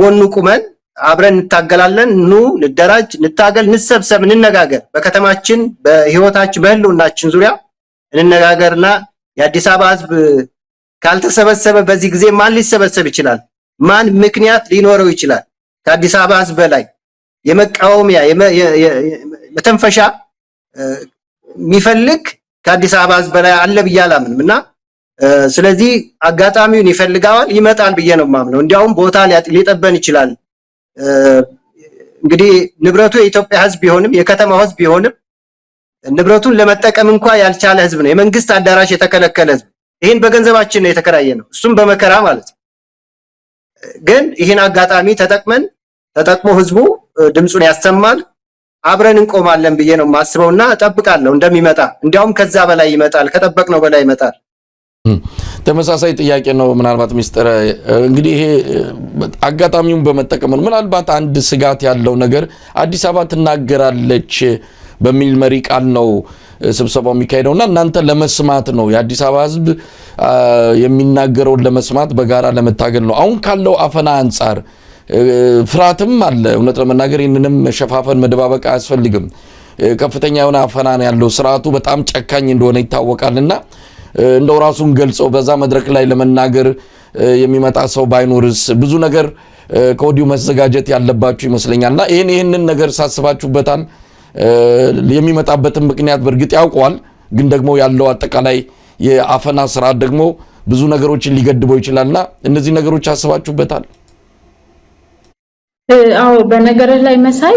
ጎኑ ቁመን አብረን እንታገላለን። ኑ ንደራጅ፣ ንታገል፣ ንሰብሰብ፣ እንነጋገር። በከተማችን፣ በህይወታችን፣ በህልውናችን ዙሪያ እንነጋገርና የአዲስ አበባ ህዝብ ካልተሰበሰበ በዚህ ጊዜ ማን ሊሰበሰብ ይችላል? ማን ምክንያት ሊኖረው ይችላል? ከአዲስ አበባ ህዝብ በላይ የመቃወሚያ መተንፈሻ የሚፈልግ ከአዲስ አበባ ህዝብ በላይ አለ ብዬ አላምንም እና ስለዚህ አጋጣሚውን ይፈልገዋል፣ ይመጣል ብዬ ነው የማምነው። እንዲያውም ቦታ ሊጠበን ይችላል። እንግዲህ ንብረቱ የኢትዮጵያ ሕዝብ ቢሆንም የከተማው ሕዝብ ቢሆንም ንብረቱን ለመጠቀም እንኳ ያልቻለ ሕዝብ ነው። የመንግስት አዳራሽ የተከለከለ ሕዝብ ይህን በገንዘባችን ነው የተከራየ ነው፣ እሱም በመከራ ማለት ነው። ግን ይህን አጋጣሚ ተጠቅመን ተጠቅሞ ሕዝቡ ድምፁን ያሰማል፣ አብረን እንቆማለን ብዬ ነው የማስበው እና እጠብቃለሁ እንደሚመጣ። እንዲያውም ከዛ በላይ ይመጣል፣ ከጠበቅነው በላይ ይመጣል። ተመሳሳይ ጥያቄ ነው። ምናልባት ሚስጥር እንግዲህ ይሄ አጋጣሚውን በመጠቀም ነው። ምናልባት አንድ ስጋት ያለው ነገር አዲስ አበባ ትናገራለች በሚል መሪ ቃል ነው ስብሰባው የሚካሄደው እና እናንተ ለመስማት ነው የአዲስ አበባ ሕዝብ የሚናገረውን ለመስማት በጋራ ለመታገል ነው። አሁን ካለው አፈና አንጻር ፍርሃትም አለ። እውነት ለመናገር ይህንንም መሸፋፈን መደባበቅ አያስፈልግም። ከፍተኛ የሆነ አፈና ያለው ስርዓቱ በጣም ጨካኝ እንደሆነ ይታወቃልና እንደው ራሱን ገልጾ በዛ መድረክ ላይ ለመናገር የሚመጣ ሰው ባይኖርስ ብዙ ነገር ከወዲሁ መዘጋጀት ያለባችሁ ይመስለኛል። እና ይህን ይህንን ነገር ሳስባችሁበታል። የሚመጣበትን ምክንያት በእርግጥ ያውቀዋል፣ ግን ደግሞ ያለው አጠቃላይ የአፈና ስርዓት ደግሞ ብዙ ነገሮችን ሊገድበው ይችላልና እነዚህ ነገሮች አስባችሁበታል። አዎ በነገርህ ላይ መሳይ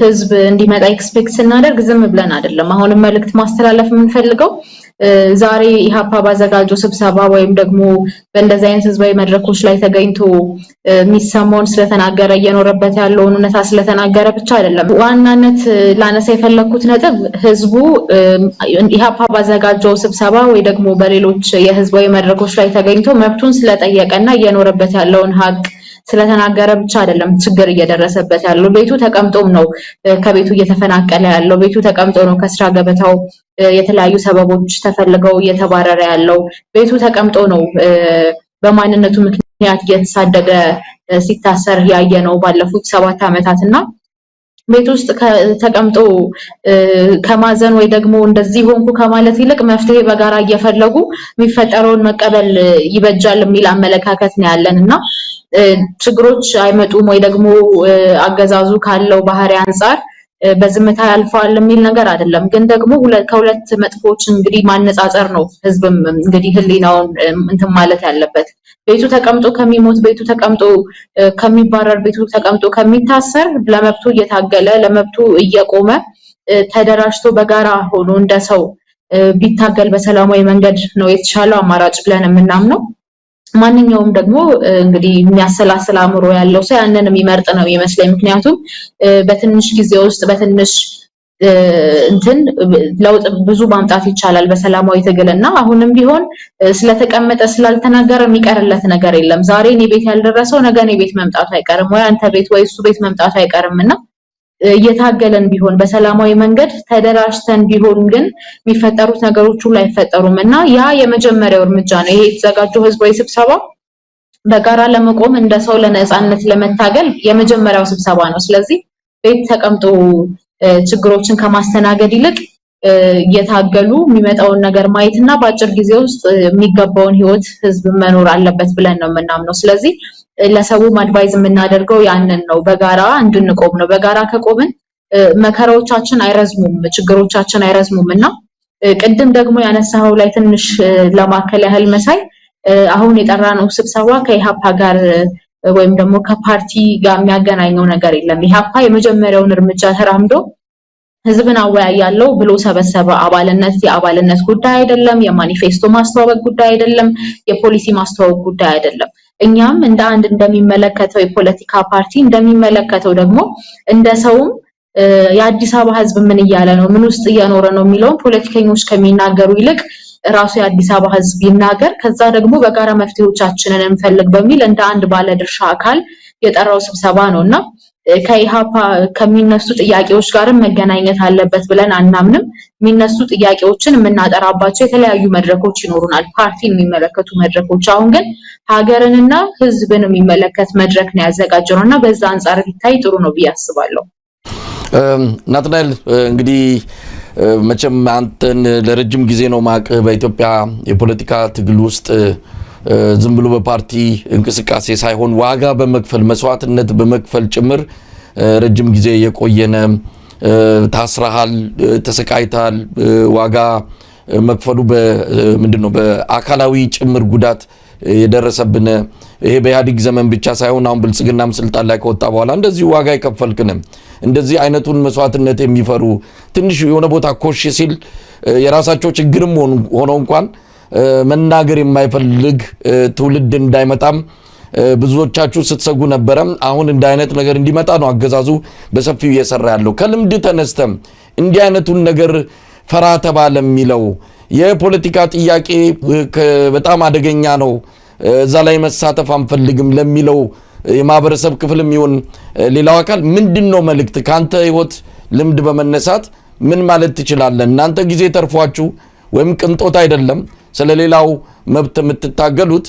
ህዝብ እንዲመጣ ኤክስፔክት ስናደርግ ዝም ብለን አይደለም። አሁንም መልእክት ማስተላለፍ የምንፈልገው ዛሬ ኢህአፓ ባዘጋጀው ስብሰባ ወይም ደግሞ በእንደዚህ አይነት ህዝባዊ መድረኮች ላይ ተገኝቶ የሚሰማውን ስለተናገረ እየኖረበት ያለውን እውነታ ስለተናገረ ብቻ አይደለም። ዋናነት ላነሳ የፈለግኩት ነጥብ ህዝቡ ኢህአፓ ባዘጋጀው ስብሰባ ወይ ደግሞ በሌሎች የህዝባዊ መድረኮች ላይ ተገኝቶ መብቱን ስለጠየቀ እና እየኖረበት ያለውን ሀቅ ስለተናገረ ብቻ አይደለም ችግር እየደረሰበት ያለው። ቤቱ ተቀምጦም ነው ከቤቱ እየተፈናቀለ ያለው። ቤቱ ተቀምጦ ነው ከስራ ገበታው የተለያዩ ሰበቦች ተፈልገው እየተባረረ ያለው። ቤቱ ተቀምጦ ነው በማንነቱ ምክንያት እየተሳደደ ሲታሰር ያየ ነው ባለፉት ሰባት ዓመታት እና ቤት ውስጥ ተቀምጦ ከማዘን ወይ ደግሞ እንደዚህ ሆንኩ ከማለት ይልቅ መፍትሄ በጋራ እየፈለጉ የሚፈጠረውን መቀበል ይበጃል የሚል አመለካከት ነው ያለን እና ችግሮች አይመጡም ወይ ደግሞ አገዛዙ ካለው ባህሪ አንጻር በዝምታ ያልፈዋል የሚል ነገር አይደለም። ግን ደግሞ ከሁለት መጥፎች እንግዲህ ማነጻጸር ነው ህዝብም እንግዲህ ህሊናውን እንትን ማለት ያለበት። ቤቱ ተቀምጦ ከሚሞት ቤቱ ተቀምጦ ከሚባረር ቤቱ ተቀምጦ ከሚታሰር ለመብቱ እየታገለ ለመብቱ እየቆመ ተደራጅቶ በጋራ ሆኖ እንደ ሰው ቢታገል በሰላማዊ መንገድ ነው የተሻለው አማራጭ ብለን የምናምነው። ማንኛውም ደግሞ እንግዲህ የሚያሰላስል አእምሮ ያለው ሰው ያንን የሚመርጥ ነው ይመስለኝ። ምክንያቱም በትንሽ ጊዜ ውስጥ በትንሽ እንትን ለውጥ ብዙ ማምጣት ይቻላል በሰላማዊ ትግል እና አሁንም ቢሆን ስለተቀመጠ ስላልተናገረ የሚቀርለት ነገር የለም። ዛሬ እኔ ቤት ያልደረሰው ነገ እኔ ቤት መምጣቱ አይቀርም ወይ አንተ ቤት ወይ እሱ ቤት መምጣቱ አይቀርም እና እየታገለን ቢሆን በሰላማዊ መንገድ ተደራጅተን ቢሆን ግን የሚፈጠሩት ነገሮች ሁሉ አይፈጠሩም እና ያ የመጀመሪያው እርምጃ ነው። ይሄ የተዘጋጀው ህዝባዊ ስብሰባ በጋራ ለመቆም እንደ ሰው ለነፃነት ለመታገል የመጀመሪያው ስብሰባ ነው። ስለዚህ ቤት ተቀምጦ ችግሮችን ከማስተናገድ ይልቅ እየታገሉ የሚመጣውን ነገር ማየት እና በአጭር ጊዜ ውስጥ የሚገባውን ህይወት ህዝብ መኖር አለበት ብለን ነው የምናምነው። ስለዚህ ለሰውም አድቫይዝ የምናደርገው ያንን ነው፣ በጋራ እንድንቆም ነው። በጋራ ከቆምን መከራዎቻችን አይረዝሙም፣ ችግሮቻችን አይረዝሙም እና ቅድም ደግሞ ያነሳኸው ላይ ትንሽ ለማከል ያህል መሳይ አሁን የጠራነው ስብሰባ ከኢህአፓ ጋር ወይም ደግሞ ከፓርቲ ጋር የሚያገናኘው ነገር የለም። ኢህአፓ የመጀመሪያውን እርምጃ ተራምዶ ህዝብን አወያያለሁ ብሎ ሰበሰበ አባልነት የአባልነት ጉዳይ አይደለም። የማኒፌስቶ ማስተዋወቅ ጉዳይ አይደለም። የፖሊሲ ማስተዋወቅ ጉዳይ አይደለም። እኛም እንደ አንድ እንደሚመለከተው የፖለቲካ ፓርቲ እንደሚመለከተው ደግሞ እንደ ሰውም የአዲስ አበባ ህዝብ ምን እያለ ነው፣ ምን ውስጥ እየኖረ ነው የሚለውን ፖለቲከኞች ከሚናገሩ ይልቅ ራሱ የአዲስ አበባ ህዝብ ይናገር፣ ከዛ ደግሞ በጋራ መፍትሄዎቻችንን እንፈልግ በሚል እንደ አንድ ባለድርሻ አካል የጠራው ስብሰባ ነው እና ከኢሃፓ ከሚነሱ ጥያቄዎች ጋርም መገናኘት አለበት ብለን አናምንም። የሚነሱ ጥያቄዎችን የምናጠራባቸው የተለያዩ መድረኮች ይኖሩናል፣ ፓርቲ የሚመለከቱ መድረኮች። አሁን ግን ሀገርንና ህዝብን የሚመለከት መድረክ ነው ያዘጋጀነው እና በዛ አንጻር ቢታይ ጥሩ ነው ብዬ አስባለሁ። ናትናኤል እንግዲህ መቼም አንተን ለረጅም ጊዜ ነው ማቅህ በኢትዮጵያ የፖለቲካ ትግል ውስጥ ዝም ብሎ በፓርቲ እንቅስቃሴ ሳይሆን ዋጋ በመክፈል መስዋዕትነት በመክፈል ጭምር ረጅም ጊዜ የቆየነ ታስረሃል፣ ተሰቃይታል ዋጋ መክፈሉ ምንድን ነው በአካላዊ ጭምር ጉዳት የደረሰብን ይሄ በኢህአዴግ ዘመን ብቻ ሳይሆን አሁን ብልጽግናም ስልጣን ላይ ከወጣ በኋላ እንደዚህ ዋጋ አይከፈልክንም እንደዚህ አይነቱን መስዋዕትነት የሚፈሩ ትንሽ የሆነ ቦታ ኮሽ ሲል የራሳቸው ችግርም ሆኖ እንኳን መናገር የማይፈልግ ትውልድ እንዳይመጣም ብዙዎቻችሁ ስትሰጉ ነበረ። አሁን እንደ አይነት ነገር እንዲመጣ ነው አገዛዙ በሰፊው እየሰራ ያለው። ከልምድ ተነስተም እንዲህ አይነቱን ነገር ፈራ ተባለ የሚለው የፖለቲካ ጥያቄ በጣም አደገኛ ነው፣ እዛ ላይ መሳተፍ አንፈልግም ለሚለው የማህበረሰብ ክፍል የሚሆን ሌላው አካል ምንድን ነው መልእክት? ከአንተ ህይወት ልምድ በመነሳት ምን ማለት ትችላለን? እናንተ ጊዜ ተርፏችሁ ወይም ቅንጦት አይደለም። ስለሌላው መብት የምትታገሉት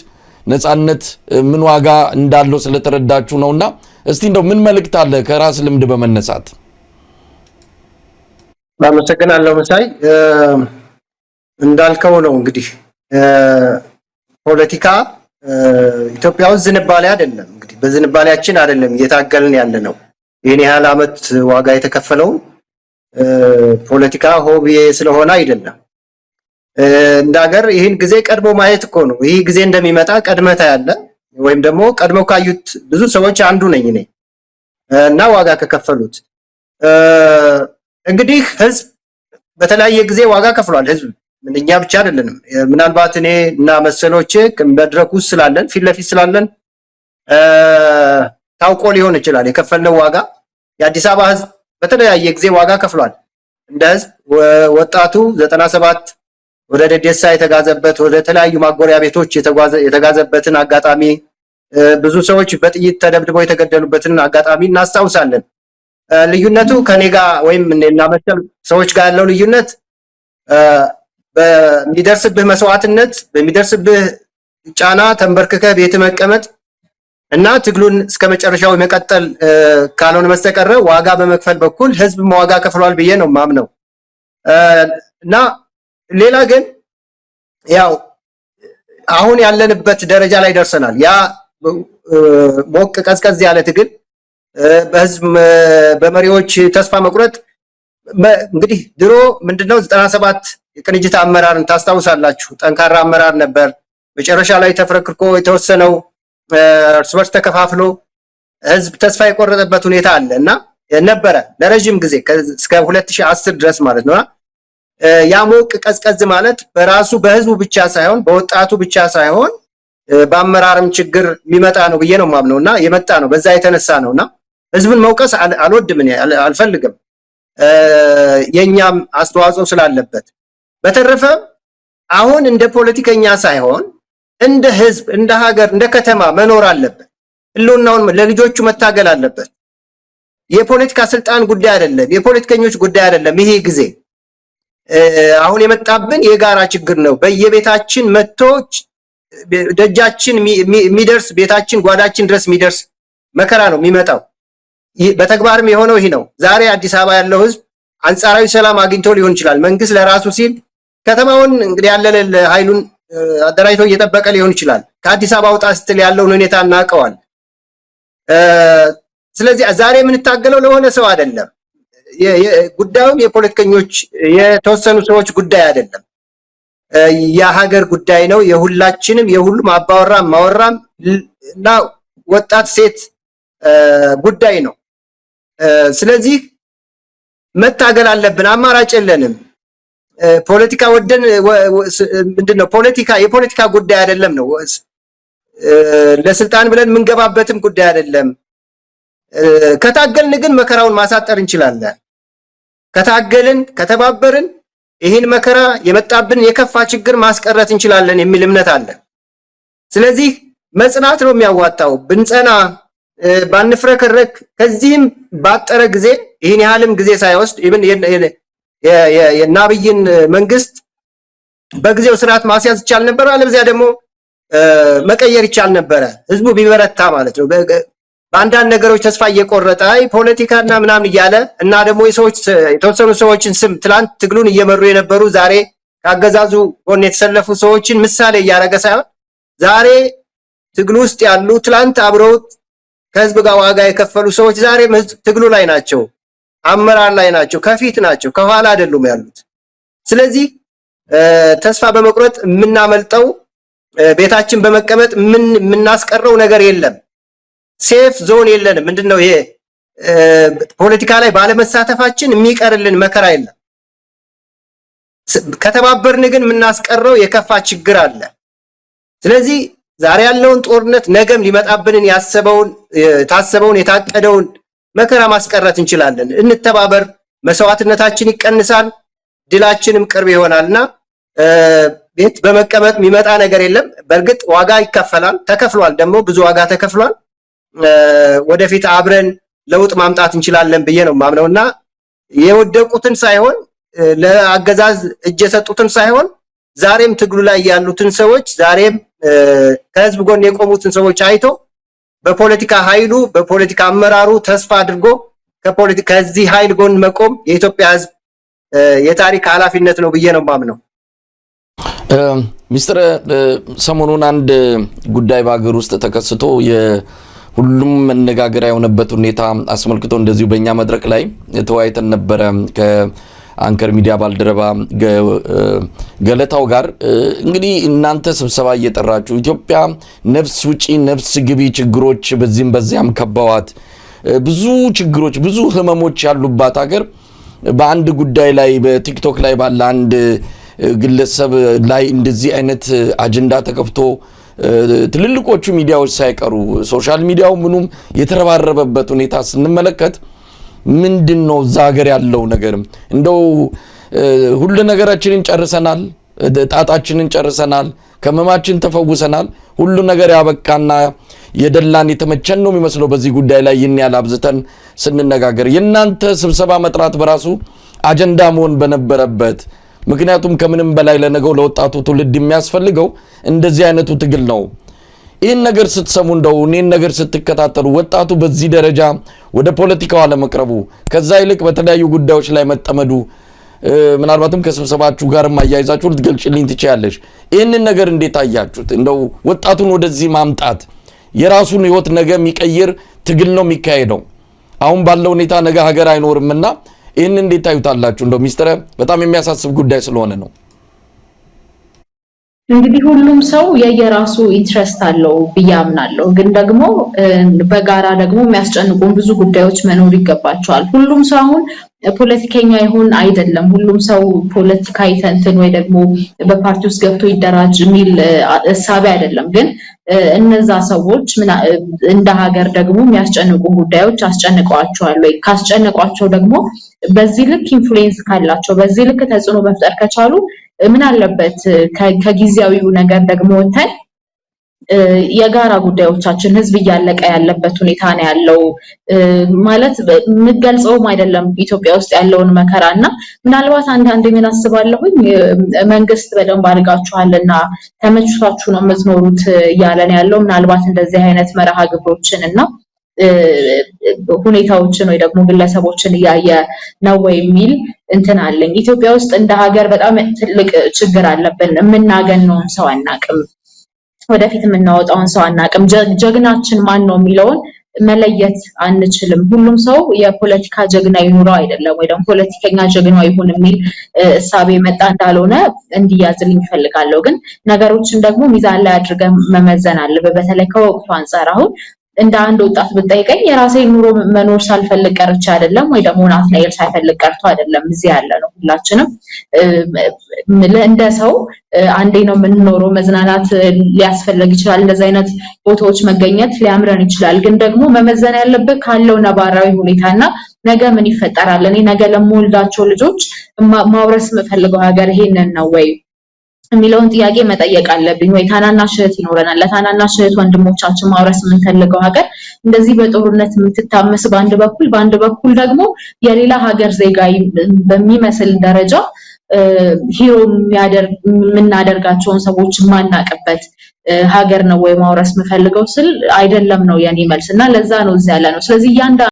ነፃነት ምን ዋጋ እንዳለው ስለተረዳችሁ ነውና እስቲ እንደው ምን መልእክት አለ ከራስ ልምድ በመነሳት? አመሰግናለሁ መሳይ። እንዳልከው ነው እንግዲህ ፖለቲካ ኢትዮጵያ ውስጥ ዝንባሌ አይደለም እንግዲህ በዝንባሌያችን አይደለም እየታገልን ያለ ነው። ይህን ያህል አመት ዋጋ የተከፈለው ፖለቲካ ሆብዬ ስለሆነ አይደለም እንደ ሀገር ይህን ጊዜ ቀድሞ ማየት እኮ ነው። ይህ ጊዜ እንደሚመጣ ቀድመታ ያለ ወይም ደግሞ ቀድመው ካዩት ብዙ ሰዎች አንዱ ነኝ እኔ እና ዋጋ ከከፈሉት እንግዲህ ህዝብ በተለያየ ጊዜ ዋጋ ከፍሏል። ህዝብ ምንኛ ብቻ አይደለንም። ምናልባት እኔ እና መሰሎች መድረክ ውስጥ ስላለን ፊት ለፊት ስላለን ታውቆ ሊሆን ይችላል የከፈልነው ዋጋ። የአዲስ አበባ ህዝብ በተለያየ ጊዜ ዋጋ ከፍሏል። እንደ ህዝብ ወጣቱ ዘጠና ሰባት ወደ ደደሳ የተጋዘበት ወደ ተለያዩ ማጎሪያ ቤቶች የተጋዘበትን አጋጣሚ ብዙ ሰዎች በጥይት ተደብድበው የተገደሉበትን አጋጣሚ እናስታውሳለን። ልዩነቱ ከኔ ጋር ወይም እና መሰል ሰዎች ጋር ያለው ልዩነት በሚደርስብህ መስዋዕትነት፣ በሚደርስብህ ጫና ተንበርክከህ ቤት መቀመጥ እና ትግሉን እስከ መጨረሻው የመቀጠል ካልሆነ መስተቀረ ዋጋ በመክፈል በኩል ህዝብ ዋጋ ከፍሏል ብዬ ነው ማምነው እና ሌላ ግን ያው አሁን ያለንበት ደረጃ ላይ ደርሰናል። ያ ሞቅ ቀዝቀዝ ያለ ትግል በህዝብ በመሪዎች ተስፋ መቁረጥ እንግዲህ ድሮ ምንድነው 97 የቅንጅት አመራርን ታስታውሳላችሁ። ጠንካራ አመራር ነበር። መጨረሻ ላይ ተፍረክርኮ የተወሰነው እርስ በርስ ተከፋፍሎ ህዝብ ተስፋ የቆረጠበት ሁኔታ አለ እና ነበረ ለረዥም ጊዜ እስከ 2010 ድረስ ማለት ነውና ያሞቅ ቀዝቀዝ ማለት በራሱ በህዝቡ ብቻ ሳይሆን በወጣቱ ብቻ ሳይሆን በአመራርም ችግር የሚመጣ ነው ብዬ ነው የማምነው እና የመጣ ነው በዛ የተነሳ ነው እና ህዝብን መውቀስ አልወድም እኔ አልፈልግም የእኛም አስተዋጽኦ ስላለበት በተረፈ አሁን እንደ ፖለቲከኛ ሳይሆን እንደ ህዝብ እንደ ሀገር እንደ ከተማ መኖር አለበት ህልውናውን ለልጆቹ መታገል አለበት የፖለቲካ ስልጣን ጉዳይ አይደለም የፖለቲከኞች ጉዳይ አይደለም ይሄ ጊዜ አሁን የመጣብን የጋራ ችግር ነው። በየቤታችን መጥቶ ደጃችን የሚደርስ ቤታችን፣ ጓዳችን ድረስ የሚደርስ መከራ ነው የሚመጣው። በተግባርም የሆነው ይህ ነው። ዛሬ አዲስ አበባ ያለው ህዝብ አንጻራዊ ሰላም አግኝቶ ሊሆን ይችላል። መንግስት ለራሱ ሲል ከተማውን እንግዲህ ያለለ ኃይሉን አደራጅቶ እየጠበቀ ሊሆን ይችላል። ከአዲስ አበባ ውጣ ስትል ያለውን ሁኔታ እናውቀዋል። ስለዚህ ዛሬ የምንታገለው ለሆነ ሰው አይደለም። ጉዳዩም የፖለቲከኞች የተወሰኑ ሰዎች ጉዳይ አይደለም። የሀገር ጉዳይ ነው። የሁላችንም የሁሉም አባወራም ማወራም እና ወጣት ሴት ጉዳይ ነው። ስለዚህ መታገል አለብን። አማራጭ የለንም። ፖለቲካ ወደን ምንድነው? ፖለቲካ የፖለቲካ ጉዳይ አይደለም ነው ለስልጣን ብለን የምንገባበትም ጉዳይ አይደለም። ከታገልን ግን መከራውን ማሳጠር እንችላለን። ከታገልን፣ ከተባበርን ይህን መከራ የመጣብን የከፋ ችግር ማስቀረት እንችላለን የሚል እምነት አለ። ስለዚህ መጽናት ነው የሚያዋጣው። ብንጸና፣ ባንፍረከረክ፣ ከዚህም ባጠረ ጊዜ ይህን ያህልም ጊዜ ሳይወስድ የናብይን መንግስት በጊዜው ስርዓት ማስያዝ ይቻል ነበር። አለበዚያ ደግሞ መቀየር ይቻል ነበረ፣ ህዝቡ ቢበረታ ማለት ነው። በአንዳንድ ነገሮች ተስፋ እየቆረጠ ፖለቲካና ምናምን እያለ እና ደግሞ የሰዎች የተወሰኑ ሰዎችን ስም ትላንት ትግሉን እየመሩ የነበሩ ዛሬ ከአገዛዙ ጎን የተሰለፉ ሰዎችን ምሳሌ እያደረገ ሳይሆን ዛሬ ትግሉ ውስጥ ያሉ ትላንት አብረውት ከህዝብ ጋር ዋጋ የከፈሉ ሰዎች ዛሬ ትግሉ ላይ ናቸው፣ አመራር ላይ ናቸው፣ ከፊት ናቸው፣ ከኋላ አይደሉም ያሉት። ስለዚህ ተስፋ በመቁረጥ የምናመልጠው ቤታችን በመቀመጥ ምን የምናስቀረው ነገር የለም። ሴፍ ዞን የለንም። ምንድን ነው ይሄ ፖለቲካ ላይ ባለመሳተፋችን የሚቀርልን መከራ የለም። ከተባበርን ግን የምናስቀረው የከፋ ችግር አለ። ስለዚህ ዛሬ ያለውን ጦርነት ነገም ሊመጣብንን ያሰበውን የታሰበውን የታቀደውን መከራ ማስቀረት እንችላለን። እንተባበር፣ መስዋዕትነታችን ይቀንሳል፣ ድላችንም ቅርብ ይሆናልና ቤት በመቀመጥ የሚመጣ ነገር የለም። በእርግጥ ዋጋ ይከፈላል፣ ተከፍሏል፣ ደግሞ ብዙ ዋጋ ተከፍሏል። ወደፊት አብረን ለውጥ ማምጣት እንችላለን ብዬ ነው ማምነው እና የወደቁትን ሳይሆን ለአገዛዝ እጅ የሰጡትን ሳይሆን ዛሬም ትግሉ ላይ ያሉትን ሰዎች ዛሬም ከህዝብ ጎን የቆሙትን ሰዎች አይቶ በፖለቲካ ኃይሉ በፖለቲካ አመራሩ ተስፋ አድርጎ ከዚህ ኃይል ጎን መቆም የኢትዮጵያ ህዝብ የታሪክ ኃላፊነት ነው ብዬ ነው ማምነው። ሚስጥር ሰሞኑን አንድ ጉዳይ በሀገር ውስጥ ተከስቶ ሁሉም መነጋገሪያ የሆነበት ሁኔታ አስመልክቶ እንደዚሁ በእኛ መድረክ ላይ ተወያይተን ነበረ ከአንከር ሚዲያ ባልደረባ ገለታው ጋር። እንግዲህ እናንተ ስብሰባ እየጠራችሁ ኢትዮጵያ ነፍስ ውጪ ነፍስ ግቢ ችግሮች በዚህም በዚያም ከባዋት ብዙ ችግሮች ብዙ ህመሞች ያሉባት ሀገር በአንድ ጉዳይ ላይ በቲክቶክ ላይ ባለ አንድ ግለሰብ ላይ እንደዚህ አይነት አጀንዳ ተከፍቶ ትልልቆቹ ሚዲያዎች ሳይቀሩ ሶሻል ሚዲያው ምኑም የተረባረበበት ሁኔታ ስንመለከት ምንድን ነው እዛ ሀገር ያለው ነገርም እንደው ሁሉ ነገራችንን ጨርሰናል፣ ጣጣችንን ጨርሰናል፣ ከመማችን ተፈውሰናል፣ ሁሉ ነገር ያበቃና የደላን የተመቸን ነው የሚመስለው። በዚህ ጉዳይ ላይ ይህን ያህል አብዝተን ስንነጋገር የእናንተ ስብሰባ መጥራት በራሱ አጀንዳ መሆን በነበረበት ምክንያቱም ከምንም በላይ ለነገው ለወጣቱ ትውልድ የሚያስፈልገው እንደዚህ አይነቱ ትግል ነው። ይህን ነገር ስትሰሙ እንደው እኔን ነገር ስትከታተሉ ወጣቱ በዚህ ደረጃ ወደ ፖለቲካው አለመቅረቡ ከዛ ይልቅ በተለያዩ ጉዳዮች ላይ መጠመዱ ምናልባትም ከስብሰባችሁ ጋርም አያይዛችሁ ልትገልጭልኝ ትችያለሽ። ይህንን ነገር እንዴት አያችሁት? እንደው ወጣቱን ወደዚህ ማምጣት የራሱን ህይወት ነገ የሚቀይር ትግል ነው የሚካሄደው። አሁን ባለው ሁኔታ ነገ ሀገር አይኖርምና ይህን እንዴት ታዩታላችሁ? እንደው ሚስጥረ በጣም የሚያሳስብ ጉዳይ ስለሆነ ነው። እንግዲህ ሁሉም ሰው የየራሱ ኢንትረስት አለው ብዬ አምናለሁ። ግን ደግሞ በጋራ ደግሞ የሚያስጨንቁን ብዙ ጉዳዮች መኖር ይገባቸዋል። ሁሉም ሰው አሁን ፖለቲከኛ ይሁን አይደለም። ሁሉም ሰው ፖለቲካ ይተንትን ወይ ደግሞ በፓርቲ ውስጥ ገብቶ ይደራጅ የሚል እሳቢ አይደለም። ግን እነዛ ሰዎች እንደ ሀገር ደግሞ የሚያስጨንቁ ጉዳዮች አስጨንቀዋቸዋል ወይ? ካስጨንቋቸው ደግሞ በዚህ ልክ ኢንፍሉዌንስ ካላቸው፣ በዚህ ልክ ተጽዕኖ መፍጠር ከቻሉ ምን አለበት ከጊዜያዊው ነገር ደግሞ ወተን የጋራ ጉዳዮቻችን ህዝብ እያለቀ ያለበት ሁኔታ ነው ያለው። ማለት የምገልጸውም አይደለም ኢትዮጵያ ውስጥ ያለውን መከራ እና ምናልባት አንዳንዴ ምን አስባለሁኝ መንግስት በደንብ አድርጋችኋልና ተመችቷችሁ ነው የምትኖሩት እያለን ያለው ምናልባት እንደዚህ አይነት መርሃ ግብሮችን እና ሁኔታዎችን ወይ ደግሞ ግለሰቦችን እያየ ነው ወይ የሚል እንትን አለኝ። ኢትዮጵያ ውስጥ እንደ ሀገር በጣም ትልቅ ችግር አለብን። የምናገነውን ሰው አናቅም። ወደፊት የምናወጣውን ሰው አናቅም። ጀግናችን ማን ነው የሚለውን መለየት አንችልም። ሁሉም ሰው የፖለቲካ ጀግና ይኑረው አይደለም ወይ ደግሞ ፖለቲከኛ ጀግና ይሁን የሚል እሳቤ መጣ እንዳልሆነ እንዲያዝልኝ ይፈልጋለሁ። ግን ነገሮችን ደግሞ ሚዛን ላይ አድርገን መመዘን አለብን። በተለይ ከወቅቱ አንጻር አሁን እንደ አንድ ወጣት ብጠይቀኝ የራሴ ኑሮ መኖር ሳልፈልግ ቀርቼ አይደለም፣ ወይ ደግሞ ናትናኤል ሳይፈልግ ቀርቶ አይደለም። እዚህ ያለ ነው ሁላችንም እንደ ሰው አንዴ ነው የምንኖረው። መዝናናት ሊያስፈልግ ይችላል። እንደዚህ አይነት ቦታዎች መገኘት ሊያምረን ይችላል። ግን ደግሞ መመዘን ያለብህ ካለው ነባራዊ ሁኔታና ነገ ምን ይፈጠራል፣ እኔ ነገ ለምወልዳቸው ልጆች ማውረስ የምፈልገው ሀገር ይሄንን ነው ወይ የሚለውን ጥያቄ መጠየቅ አለብኝ ወይ? ታናናሽ እህት ይኖረናል። ለታናናሽ እህት ወንድሞቻችን ማውረስ የምንፈልገው ሀገር እንደዚህ በጦርነት የምትታመስ በአንድ በኩል በአንድ በኩል ደግሞ የሌላ ሀገር ዜጋ በሚመስል ደረጃ ሂሮ የምናደርጋቸውን ሰዎች የማናቅበት ሀገር ነው ወይ ማውረስ የምፈልገው ስል አይደለም ነው የኔ መልስ እና ለዛ ነው እዚ ያለ ነው። ስለዚህ እያንዳ